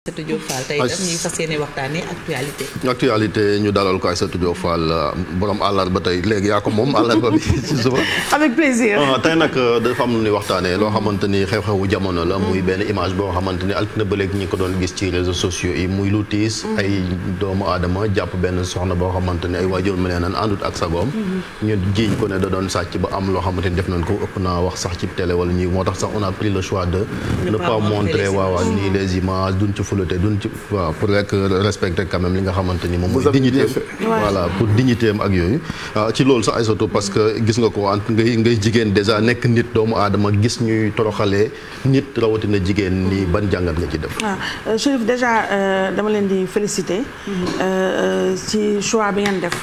Aïssatou Diop Fall tey daf ñuy fas yéene waxtaanee actualité. actualité ñu dalal ko Aïssatou Diop Fall borom àllarba tey léegi yaa moom àllarba bi ci suba. avec plaisir. Ah, tey nag euh, dafa am lu ñuy waxtaanee loo xamante ni xew-xewu jamono la. muy benn image boo xamante ni altine ba léegi ñi ko doon gis ci réseaux sociaux yi muy lu tiis. Mm-hmm. ay doomu aadama jàpp benn soxna boo xamante ni ay waajur mu neenaan àndut ak sagoom. Mm-hmm. ñu jiiñ ko ne da doon sàcc ba am loo xamante ni def nañ ko ëpp naa wax sax ci tele wala ñuy moo tax sax on a le choix de. ne montrer waaw nii les images duñ ci fulla te duñ waaw pour rek respecter quand li nga xamante ni moom mooy dignité voilà pour dignité am ak yooyu ah, ci loolu sax Aïssatou parce que gis nga ko ant ngay ngay jigéen déjà nekk nit doomu aadama gis ñuy toroxalee nit rawatina jigéen ni ban jàngat nga ci def waaw ah, euh, Chérif déjà euh, dama leen di féliciter mm-hmm. euh, ci choix bi ngeen def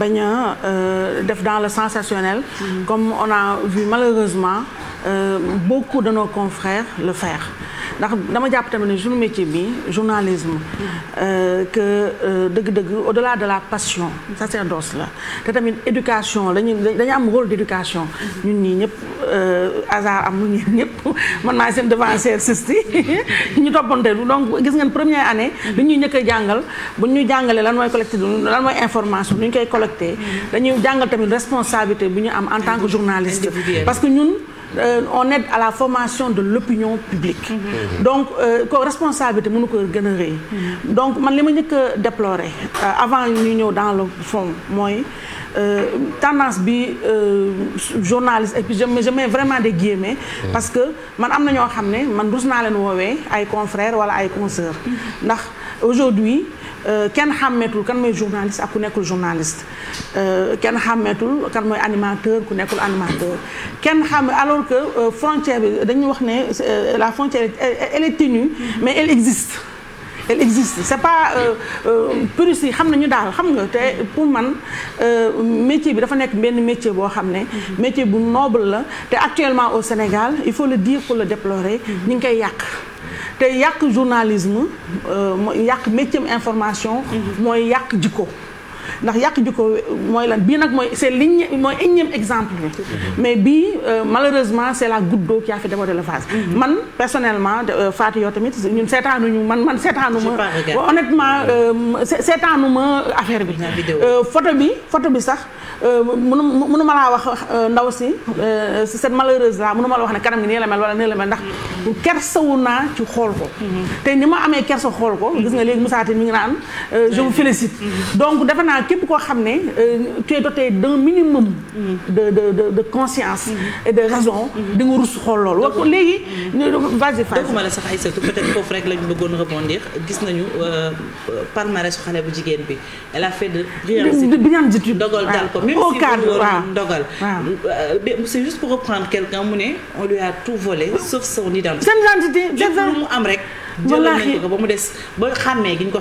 bañ a def dans le sensationnel mm-hmm. comme on a vu malheureusement beaucoup de nos confrères le faire ndax dama jàpp tamit ne suñu métier bi journalisme euh, que euh, dëgg-dëgg au delà de la passion sacerdoce la te tamit éducation lañu dañu am rôle d' ñun ñii ñëpp euh, hasard am nu ñun ñëpp man maa seen devancière sisti ñu toppante donc gis ngeen première année li ñuy njëkk a jàngal bu ñu jàngalee lan mooy collecté lan mooy information lu ñu koy collecté dañuy jàngal tamit responsabilité bi ñu am en tant que journaliste parce que ñun Euh, on aide à la formation de l'opinion publique mm-hmm. Mm-hmm. donc euh, ko responsabilité mënu ko gën a rëy mm-hmm. donc man li ma njëkk a déplorer euh, avant ñu ñëw dans le fond mooy tendance bi journaliste et puis je mets vraiment des guillemets mm. parce que man am na ñoo xam ne man rus naa leen woowee ay confrères wala ay consoeurs ndax aujourd'hui Euh, kenn xàmmeetul kan mooy journaliste ak ku nekkul journaliste euh, kenn xàmmeetul kan mooy animateur ku nekkul animateur kenn xam alors que euh, frontière bi dañuy wax ne la frontière elle est mais elle existe elle existe c'est pas puristes yi xam nañu daal xam nga te pour man métier bi dafa nekk benn métier boo xam ne métier bu noble la te actuellement au Sénégal il faut le dire pour le déplorer ñu ngi koy yàq te yàq journalisme euh, yàq métier information. Mhm. mooy yàq jikko. ndax yàq jikko mooy lan bii nag mooy c'est ligne mooy énième exemple bi mhm. mais bii euh, malheureusement c'est la goutte d'eau a fait déborder le vase mhm. man personnellement euh, Fatou tamit ñun seetaanuñu man man seetaanuma honnêtement seetaanuma affaire bi photo bi photo bi sax mënu mënu ma laa wax ndaw si cette malheureuse là mënu ma la wax ne kanam gi la mel wala nii la mel ndax mm. kersawu naa ci xool ko te ni ma amee kersa xool ko gis nga léegi Moussa Tine mi ngi naan am euh, vous félicite donc defe naa képp koo xam ne euh, tu es doté d'un minimum de de de de conscience et de raison di nga rus xool lool wax léegi vas-y Fatou dooguma la sax Aïssatou peut-être foofu rek lañu bëggoon rebondir gis nañu euh, palmarès su xale bu jigéen bi elle a fait de brillantes études dogal dal ko même si dogal c'est juste pour reprendre quelqu'un mu ne on lui a tout volé sauf son yoon. seen identité seen lu mu am rek. wallaahi ko ba mu des ba xàmmee ko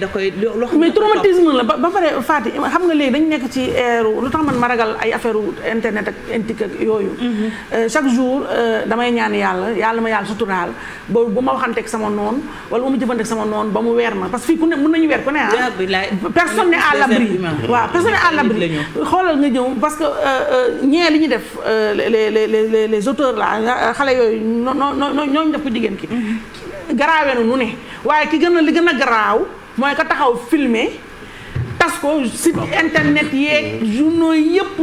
da koy loo xam mais la nga léegi dañ nekk ci air lu tax man ma ragal ay affaire internet ak intik ak yooyu mhm. euh, chaque jour euh, damay ñaan yàlla yàlla ma yàlla suturaal ba bu ma waxanteeg sama noonu wala bu ma jëfanteeg sama noonu ba mu weer ma parce que fii ku ne mën nañu weer ku ne ah. personne n'est à l'abri personne n'est à xoolal nga ñëw parce que euh, ñee li ñu def les les les les auteurs là xale yooyu noo noo ñooñu def ko jigéen ki garaawe na nu ne waaye ki gën a li gën a garaaw mooy ko taxaw filmer tas ko site internet yeeg journaux yëpp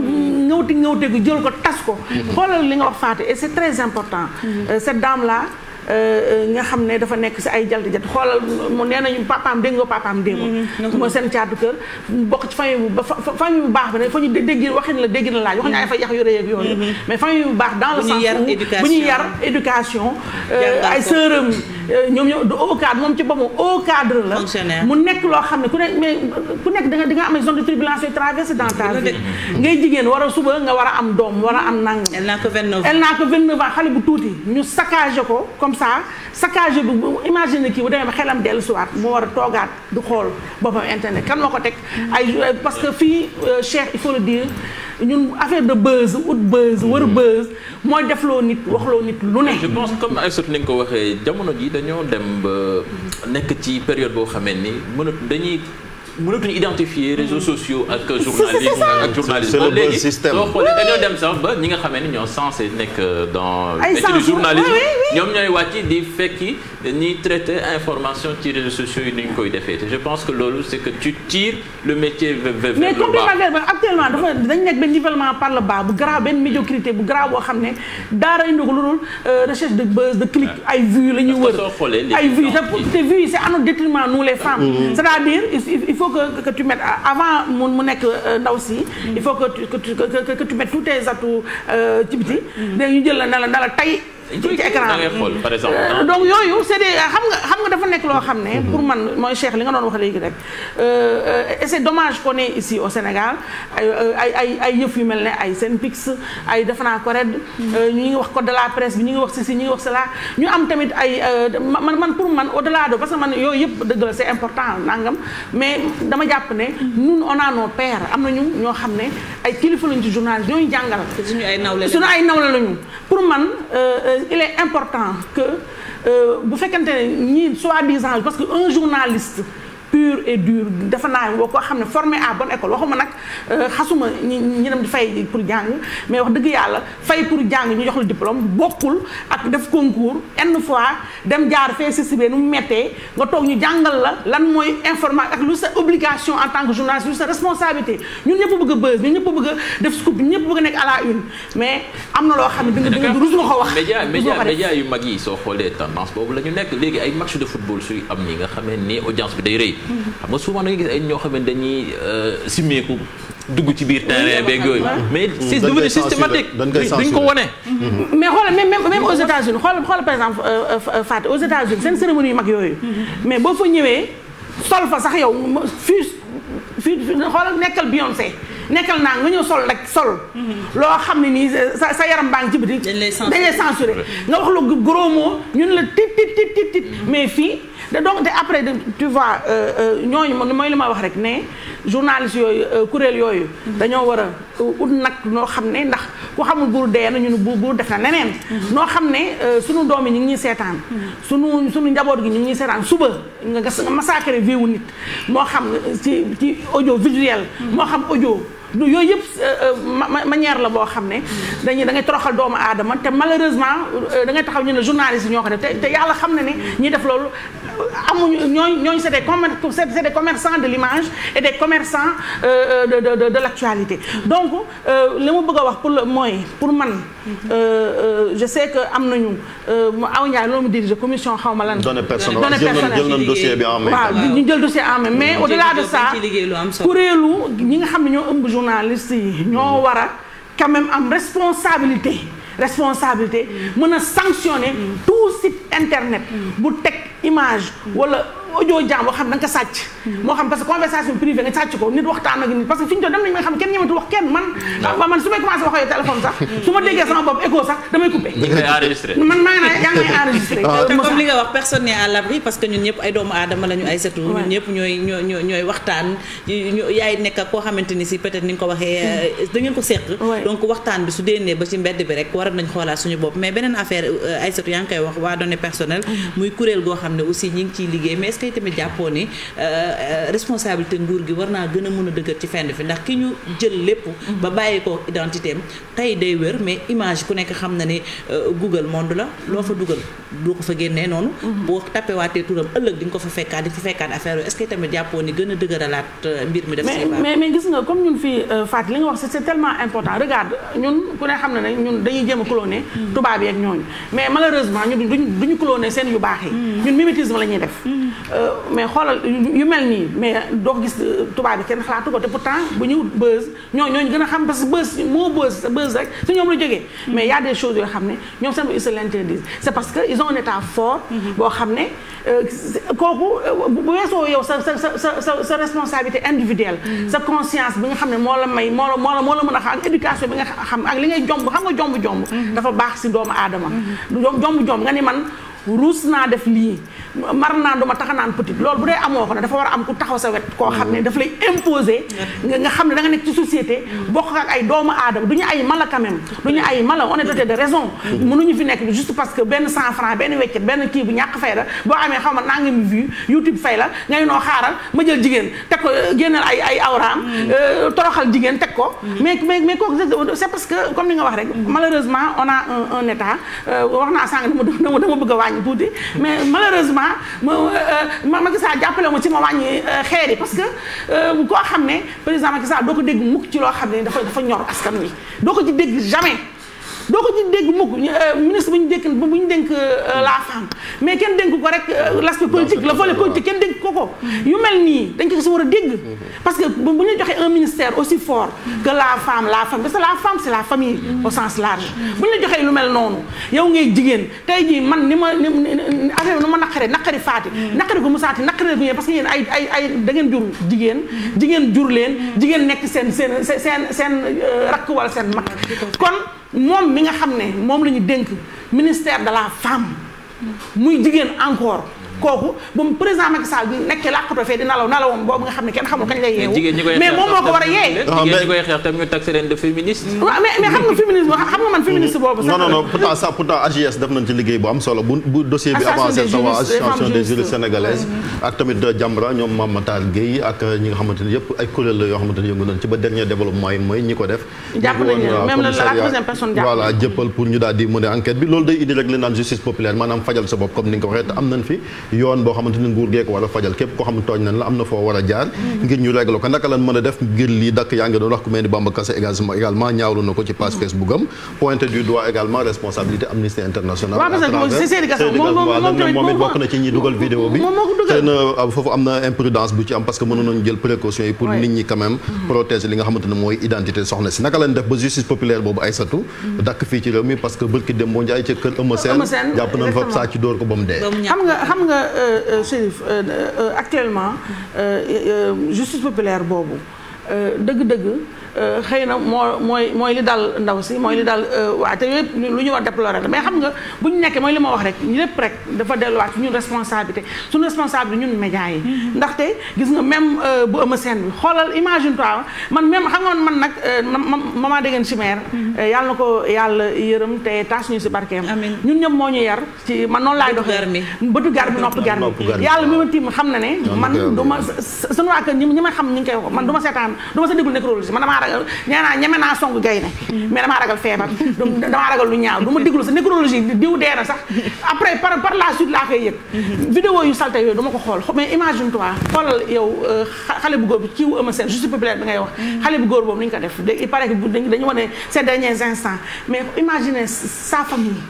ngawti ngawte gu jël ko tas ko mm-hmm. xoolal li nga wax faate et c'est très important mm-hmm. euh, cette dame la Euh, euh, nga xam ne dafa nekk si ay jalti jat xoolal mu nee nañu papaam dégg nga papaam démb mm-hmm. moo seen caatu kër bokk ci famille bu baax bi ne fa ñu la dégg na laaj wax ñu ay fa yax yu rëy ak yooyu mm-hmm. mais famille bu baax dans le sens yar éducation euh, ay sërëm du au cadre moom ci boppam au cadre la mu nekk loo xam ne ku nekk mais ku nekk danga di nga amee zone de traversé dans ta ngay jigéen war a suba nga war a am doom war a am nangam elle n'a que vingt-neuf ans xale bu tuuti ñu saccagé ko comme ça saccagé du imagine kii bu demee ba xelam dellu siwaat mu war a toogaat du xool boppam internet kan moo ko teg ay euh, parce que fii euh, Cheikh il faut le dire ñun affaire de buzz ut buzz wër mm-hmm. buzz mooy defloo nit loo nit lu ne je pense comme ay sot ni nga ko waxee jamono ji dañoo dem ba nekk ci période boo xamee ni mënatu dañuy mënatuñu identifier réseaux sociaux ak journalisme ak journalisme. c'est le bon système léegi nekk euh, dans. ay métier du journalisme ñoom di fekki ñiy traiter information ci réseaux sociaux yi ni ñu je pense que loolu c'est que tu tires le métier vers le bas. mais complètement actuellement dafa dañ nekk benn nivellement par le bas bu grave benn médiocrité bu grave boo xam ne daara indi ko lu dul euh, recherche de buzz de clic ay vues la ñuy wër. ay vues te vues yi c'est à notre détriment nous les femmes. Mm-hmm. c'est-à-dire il faut que, que tu mettes avant mu mu nekk euh, ndaw si. il faut que tu que tu que, que, que tu mettes tous tes atouts euh, ci biti. Mm-hmm. jël la ne la la tey. ci écran da ngay xool euh, donc yooyu c' est xam nga dafa nekk loo xam ne. pour man mooy Cheikh li nga doon wax léegi rek. Euh, euh, et c' est dommage qu' ay ay ay yëf yu mel ne ay seen Senpix ay def naa ko red ñu ngi wax ko de la presse bi ñu ngi wax si ñu ngi wax cela ñu am tamit ay man man pour man au delà de parce que man yooyu yëpp dëgg la c' est important nangam mais dama jàpp ne. ñun on a nos pères am nañu ñoo xam ne ay kilifa lañu ci journaliste ñooñu jàngal. suñu ay nawle lañu ay nawle lañu pour il est important que euh, bu fekkente ne ñii soi-disant parce que un journaliste pure et dure dafa naa woo koo xam ne formé à bonne école waxuma nag euh, xasuma ñi ñi dem di fay pour jàng mais wax dëgg yàlla fay pour jàng ñu jox la diplôme bokkul ak def concours une fois dem jaar fee si sibee nu mu mettee nga toog ñu jàngal la lan mooy information ak lu sa obligation en tant que journaliste lu sa responsabilité ñun ñëpp bëgg a buzz ñun ñëpp bëgg a def scoop ñun ñëpp bëgg a nekk à la une mais am na loo xam ne di nga di nga rus nga ko wax média nekk léegi ay match de football suy am ni audience day rëy xam nga souvent da ngay gis ay ñoo xam ne dañuy euh, simmeeku dugg ci biir terrain beeg yooyu. mais hmm. c'est systématique. duñ ko wone hmm. mais xoolal même même aux États-Unis xoolal xoolal par exemple euh, euh, Fatou aux États-Unis seen cérémonie yu mag yooyu. Hmm. mais boo fa ñëwee sol fa sax yow fii fii xoolal nekkal Beyoncé. nekkal naa nga ñëw sol rek sol loo xam ne nii sa sa yaram baa ngi ci biti dañ lay censuré nga wax lu gros mot ñun la tit tit tit mm-hmm. mais fii de donc après de tu vois euh, euh, ñooñu mooy li ma wax rek ne journaliste yooyu euh, kuréel yooyu mm-hmm. dañoo war a ut nag noo xam ne ndax ku xamul buur dee na ñu nu buur buur def na neneen mm-hmm. noo xam ne sunu doom yi ñu ngi ñuy seetaan sunu sunu njaboot gi ñu ngi ñuy seetaan suba nga nga massacré vie wu nit moo xam ci ci audio visuel moo xam audio du yooyu yëpp euh, euh, manière la boo xam ne dañuy da ngay toroxal doomu aadama te malheureusement euh, da ngay taxaw ñu ne journaliste yi ñoo ko def te yàlla xam na ni ñi def loolu amuñu ñooñu ñooñu c'est des commer c'est des commerçants de l'image et des commerçants euh, euh, de de de l'actualité donc euh, li mu bëgg wax pour le mooy pour man. je sais que am nañu Awa Ndiaye loolu mu dirige commission xaw ma lan. données personnelles données personnelles jël nañu dossier bi en main. waaw ñu mais au delà de ça kuréelu ñi nga xam ne ñoo ëmb journaliste yi ñoo mm-hmm. war a quand même am responsabilité. responsabilité mm-hmm. mën a sanctionner mm-hmm. tout site internet bu teg image wala audio jaam boo xam da sàcc moo xam parce que conversation privée nga sàcc ko nit waxtaan ak nit parce que fi ñu ma nga xam kenn man maa ngi oh. ay doomu aadama la ñu ni si peut ni nga ko waxee euh, da ko seq donc waxtaan bi su dénnee ba ci mbedd bi rek war nañ xoolaat suñu bopp mais beneen affaire euh, ay setu yaa ngi koy wax waa données personnelles mm-hmm. muy kuréel goo xam ne aussi ñi ciy liggéey que tamit jàppoo ni euh, euh, responsabilité nguur gi war naa gën a mën a dëgër ci fenn fi ndax ki ñu jël lépp. ba bàyyi ko identité am tey day wér mais image ku nekk xam na ne euh, Google monde la loo fa dugal doo ko fa génnee noonu. boo tappewaatee turam ëllëg nga ko fa fekkaat di fa fekkaat affaire yooyu est ce que tamit ñun fii Fatou li nga wax c'est tellement important regarde ñun ku ne xam na ne ñun dañuy jéem a cloner. tubaab yeeg ñooñu mais malheureusement ñu duñu duñu cloner seen yu baax yi. Mm. ñun mimétisme la ñuy def. Mm. Euh, mais xoolal yu mel nii mais doo gis euh, tubaab bi kenn xalaatu ko te pourtant bu ñu buzz ñoo ñooñu gën a xam parce que buzz moo sa buzz rek su ñoom la jógee mais y a des yoo xam ne ñoom seen ils se l'interdisent c'est que ils ont un mhm. boo xam ne euh, kooku bu weesoo yow sa sa sa sa sa responsabilité individuelle mhm. sa conscience bi nga xam ne moo la may moo la la moo la mën a xam ak éducation bi nga xam ak li ngay jomb xam nga jomb jomb mhm. dafa baax si doomu aadama jomb jomb nga ni man ruus naa def lii mar naa duma tax naan petit lool bu dee amoo ko ne dafa war am ku taxaw sa wet koo xam ne mm-hmm. daf lay imposer mm-hmm. nga xam ne da nga nekk ci société mm-hmm. bokk ak ay doomu aadama du ñu ay mala quand même du ñu ay mala on est doté de raison mënuñu fi nekk juste parce que benn cent franc benn weccet benn kii bu ñàkk fay la boo amee xaw ma naa ngi mu vue youtube fay la ngay noo xaaral ma jël jigéen teg ko génneel ay ay awraam euh, toroxal jigéen ko. mais mais mais kooku parce que comme ni nga wax rek. malheureusement on a un un état euh, wax naa sànq dama dama bëgg a wàññi tuuti. mais malheureusement ma euh, Macky Sall jàppale ma ci ma wàññi euh, xeer yi parce que koo xam ne président Macky Sall doo ko dégg mukk ci loo xam ne dafa dafa ñor askan wi doo ko ci dégg jamais. doo ko ci dégg mukk euh, ministre bu ñu dénk bu ñu dénk euh, la femme mais kenn dénk ko rek euh, l'aspect politique la volet politique kenn dénk ko ko yu mel nii dañ ko si war a dégg mm-hmm. parce que bu ñu joxee un ministère aussi fort que la femme la femme parce que la femme c'est la famille au sens large bu la joxee lu noonu yow ngay jigéen tey jii man ni ma ni affaire nu ma naqare naqari faati mm. naqari ko mu saati naqari ko yéen parce que yéen ay ay ay da ngeen jur jigéen jigéen jur leen mm. jigéen nekk seen seen seen seen rakk wala seen mag mm. kon moom mi nga xam ne moom la ñu dénk ministère de la femme muy jigéen encore kooku ba mu président Macky Sall bi nekkee làqatu fee di nalaw nalawam boobu nga xam ne kenn xamul kañ lay yeewu mais moom moo ko a yee jigéen ñi mais xam nga man féministe boobu non non non pourtant def nañ ci liggéey bu am solo bu bu bi avancé ça association des juristes sénégalaises mm-hmm. ak tamit euh, Jamra ñoom Mame Matar ak euh, ñi nga xamante ne ay kuréel yoo xamante ne yëngu ci ba dernier développement yi mooy ñi ko def jàpp euh, jëppal pour ñu daal di mener enquête bi loolu day indi rek naan justice populaire maanaam fajal yoon boo xamante ne nguur gee war a fajal képp koo xam tooñ la am na foo war a jaar ngir ñu régler ko naka lan mën a def ngir lii dakk yaa ngi doon wax ku mel ni Bamba Kassé également ñaawlu na ko ci page Facebook am pointé du doigt également responsabilité Amnesty International moom it na ci ñi dugal vidéo bi xëy na foofu am na imprudence bu ci am parce que jël précaution yi pour nit ñi quand même li nga xamante mooy identité soxna si naka lan def ba justice Euh, euh, Chérif euh, actuellement justice populaire boobu dëgg-dëgg Euh, xëy na moo mooy li dal ndaw si mooy li dal euh, waa te yëpp lu ñu war déplorer mais xam nga bu ñu nekkee mooy li ma wax rek lépp rek dafa delluwaat ñun responsabilité suñu responsabilité ñun médias yi mm-hmm. ndaxte gis nga même euh, bu ëma seen bi man même xam nga nag maman dégeen chimère mm-hmm. yàlla na ko yàlla yërëm te taas ñu si barkeem ñun ñëpp moo ñu yar ci man noonu laay doxee bëtu gar bi nopp gar bi yàlla mi ma tiim xam ne man du suñu waa kër ñi ma xam ñu ngi man du seetaan du ma sa déglu nécrologie man ragal nee naa ñeme naa song gaynde mais damaa ragal feebar damaa ragal lu ñaaw du ma déglu sa nécrologie diw dee na sax après par par la suite laa koy yëg vidéo yu salte yooyu du ko xool mais imagine toi xoolal yow euh, xale bu góor bi kiiw ëma seen juste populaire bi ngay wax xale bu góor boobu ni ko def il paraît que dañu wane ces derniers instants mais imagine sa famille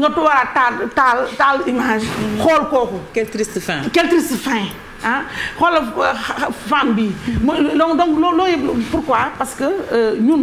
nga taal taal taal image xool kooku quelle triste fin quelle fin ah xoolal euh, femme bi donc loolu yëpp pourquoi parce que euh, ñun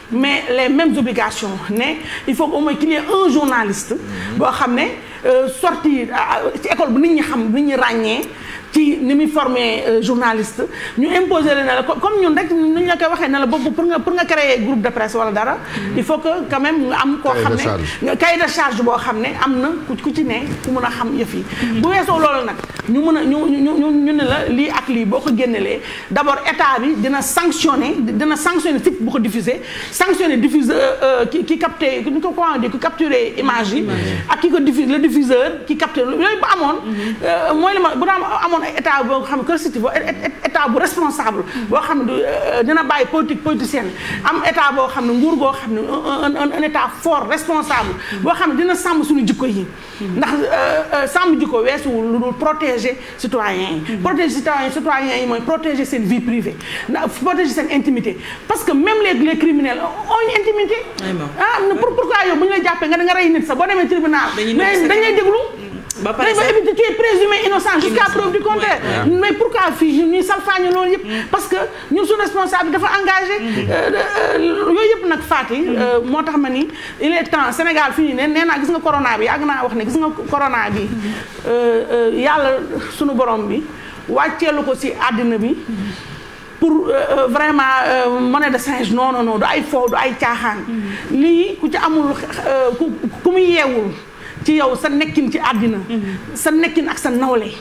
mais les mêmes obligations ne il faut au moins qu'il y ait un journaliste mhm. boo xam ne euh, sorti euh, ci école bu nit ñi xam nit ñi ràññee ci ni muy formé euh, journaliste ñu imposé la ne la comme ñun rek nu ñu la koy waxee ne la boobu pour nga pour nga créer groupe de presse wala dara mm-hmm. il faut que quand même nga am koo xam ne cahier de charge boo xam ne am na ku ci ne ku mën a xam yëf yi mm-hmm. bu weesoo loolu nag ñu mën a ñu ñu ñu ne la lii ak lii boo ko génnelee d'abord état bi dina sanctionner dina sanctionner site bu ko diffuser sanctionner diffuse euh, euh, ki ki capté ko comment dire ki capturer image yi mm-hmm. ak ki ko diffuse le diffuseur ki capté yooyu bu amoon mooy amoon état boo xam ne constitué bu responsable boo xam ne euh, dina bàyyi politique politicienne am état boo xam ne nguur goo xam ne un état fort responsable boo xam ne dina sàmm suñu jikko yi ndax euh, euh, sàmm jikko weesuwul lu dul protéger citoyens yi hmm. protéger citoyens citoyens yi mooy protéger seen vie privée protéger seen intimité parce que même les les criminels ont une intimité ah, pour pourquoi yow bu ñu la jàppee nga da nga nit sax boo demee tribunal dañuy déglu ba pare sax mais tu es présumé innocent jusqu'à preuve du contraire. mais pourquoi fii ñuy salfaañu loolu yëpp. parce que ñun su responsable dafa engagé. Mm-hmm. Euh, euh, yooyu yëpp nag Fati. Mm-hmm. Euh, moo tax ma ni il est temps Sénégal fii ne nee naa gis nga corona bi yàgg naa wax ne gis nga corona bi mm-hmm. yàlla sunu borom bi wàcceelu ko si àddina bi. pour vraiment monnaie de change non non du ay fo du ay caaxaan. lii ku ci amul ku mu yeewul. ci yow sa nekkin ci àddina mm-hmm. sa nekkin ak sa nawle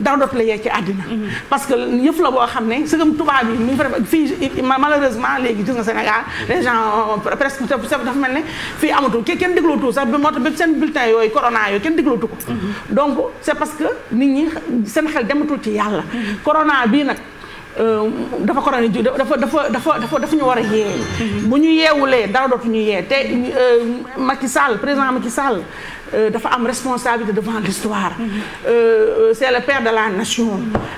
dara dootu la yee ci àddina mm-hmm. parce que yëf la boo xam ne sëgam tubaab yi mi ngi fa fii malheureusement léegi gis nga Sénégal mm-hmm. les gens euh, presque dafa mel ne fii amatul kenn kenn déglootu sax bi moo tax seen bulletin yooyu korona yooyu kenn déglootu ko donc c'est parce que nit ñi seen xel dematul ci yàlla corona bii nag euh, dafa corona ji dafa dafa dafa dafa dafa ñu war a yee bu ñu yeewulee dara dootu ñu yee te euh, Sall président Macky Sall Euh, dafa am responsabilité devant l'histoire euh, euh, c'est le père de la nation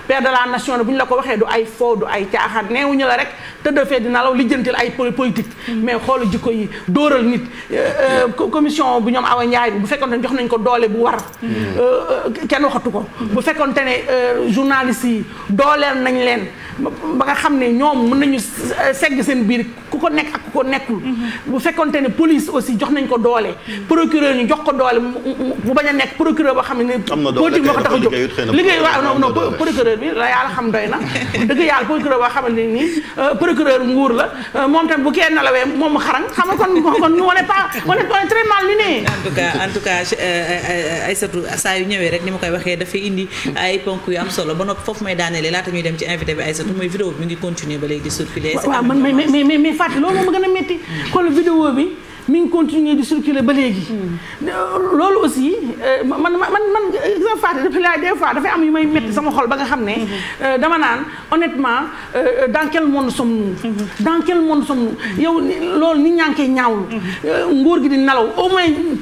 père de la nation ne bu ñu la ko waxee du ay fo du ay caaxaan neewuñu la rek te defee dina law lijjantil ay politique mais xoolu jikko yi dóoral nit commission bu ñoom Awa Ndiaye bu fekkoon ne jox nañ ko doole bu war mm-hmm. kenn waxatu ko bu fekkoon ne journalistes yi dooleel nañ leen ba nga xam ne ñoom mën nañu segg seen biir ku ko nekk ak ku ko nekkul mm-hmm. bu fekkoon ne police aussi jox nañ ko doole procureur ñu jox ko doole mu bañ a nekk procureur boo xam ne ni politique moo ko tax a jóg liggéey waaw non non procureur bi la yàlla xam doy na dëgg yàlla procureur boo xam ne nii euh, procureur nguur la euh, moom tam bu kenn nalawee moom mu xarang xam nga kon kon on est pas ba noppi foofu may daanelee laata ñuy dem ci invité bi Aïssatou mooy vidéo bi mu ngi continuer ba léegi di circuler waaw man mais mais mais fàtte loolu moo ma gën a métti kon hmm. vidéo bi mi ngi continuer di circuler ba léegi. loolu aussi euh, man man man exemple Fatou dafa laa des fois dafay am yu may métti sama xol ba nga xam ne. Mhm. Euh, dama naan honnêtement euh, dans quel monde sommes-nous. Mhm. dans quel monde sommes-nous. Mhm. yow loolu nit ñaa ngi gi di nalaw ah,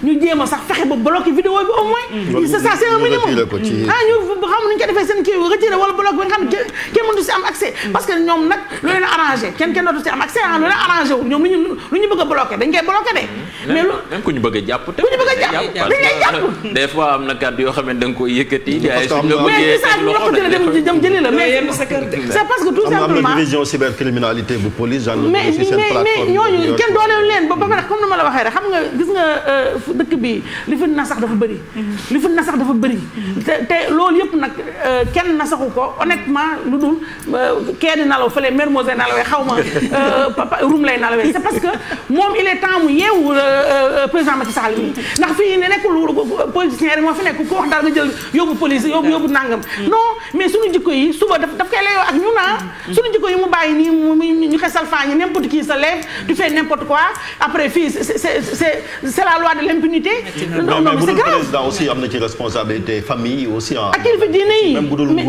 nu ñu que ñoom nag bëgg a bloqué dañ koy bloqué amee. mais loolu même ku ñu bëgg a jàpp te. ku ñu a dañ lay jàpp des fois am na kàddu yoo xam ne da nga koy yëkkati. parce que am na mais jëli la mais c'est na division cybercriminalité bu police. gendarmerie kenn dooleel leen ba ba ma la waxee rek xam nga gis nga euh, dëkk bi li fi na sax dafa bëri. Mm-hmm. li fi na sax dafa bëri. Mm-hmm. te te loolu yëpp nag euh, kenn na ko honnêtement lu dul euh, kenn nalaw fële Mermoz lay nalawee xaw ma Rum lay nalawee c'est parce que moom il est temps mu yeewu euh, euh, président Macky Sall mi ndax fii ne nekkul politicien rek police yóbbu nangam mm. non mais suñu jikko yi suba daf daf koy layoo ak ñun ah. mm. suñu jikko yi mu bàyyi nii ñu xesal faa ñi n'importe qui se lève tu fais n'importe quoi après fii c'est c'est la loi de l'impunité non non c'est grave ah. ak kilifa diine yi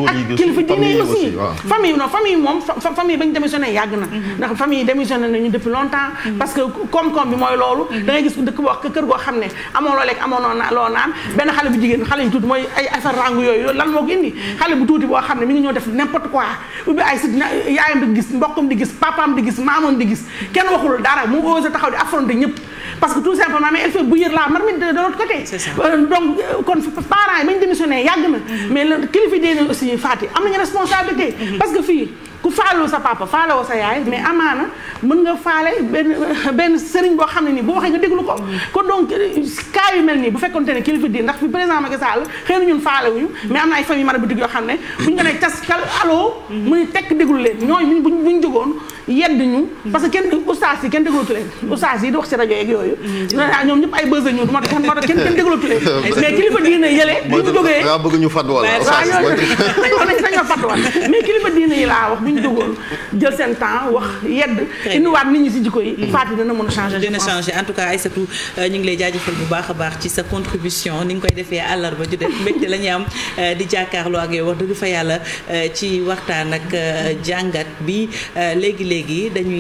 ak kilifa diine yi aussi famille non famille moom famille bañ démissionné yàgg na mm-hmm. ndax famille démissionné nañu depuis longtemps mm-hmm. parce que koom-koom bi mooy loolu loolu mhm. da ngay gis dëkk boo kër goo xam ne amoo loo lekk amoo loo naan mhm. benn xale bu jigéen xale yu tuuti mooy ay affaire rangu yooyu lan moo ko indi mhm. xale bu tuuti boo xam ne mi ngi ñëw def n'importe quoi ay sit yaayam di gis mbokkam di gis papaam di gis maamam di gis kenn waxul dara mu osé taxaw di affronté ñëpp parce que tout simplement mais elle fait bouillir la marmite de l'autre côté euh, donc euh, kon yi bañ démissionné yàgg na mais kilifa diine aussi ku faalul sa papa faalewoo sa yaay mais amaana mën nga faale benn benn sëriñ boo xam ne nii boo waxee nga déglu ko kon donc cas yu mel nii bu fekkonte ne kilifa di ndax fi président Macky Sall xëy na ñun faalewuñu mais am na ay a marabutique yoo xam ne bu ñu ko nee caskal allo muy tekk déglu leen ñooñu buñ buñ jógoon yedd ñu parce que kenn ustaas yi kenn déglootu leen ustaas yi di wax ci rajo yeeg yooyu naa ñoom ñëpp ay bës ñu moo tax moo tax kenn kenn déglootu leen mais kilifa diine bu ñu jógee nga bëgg ñu yi laa wax bu ñu jógoon jël seen temps wax yedd indiwaat nit ñi si jikko yi mm-hmm. faati mën a changer dina changer tout euh, ñu ngi lay jaajëfal bu baax a baax ci sa contribution ni nga koy defee àllarba ju def mbégte am euh, di jàkkaarloo ak yow wax dëgg fa yàlla euh, ci waxtaan ak jàngat bi léegi léegi dañuy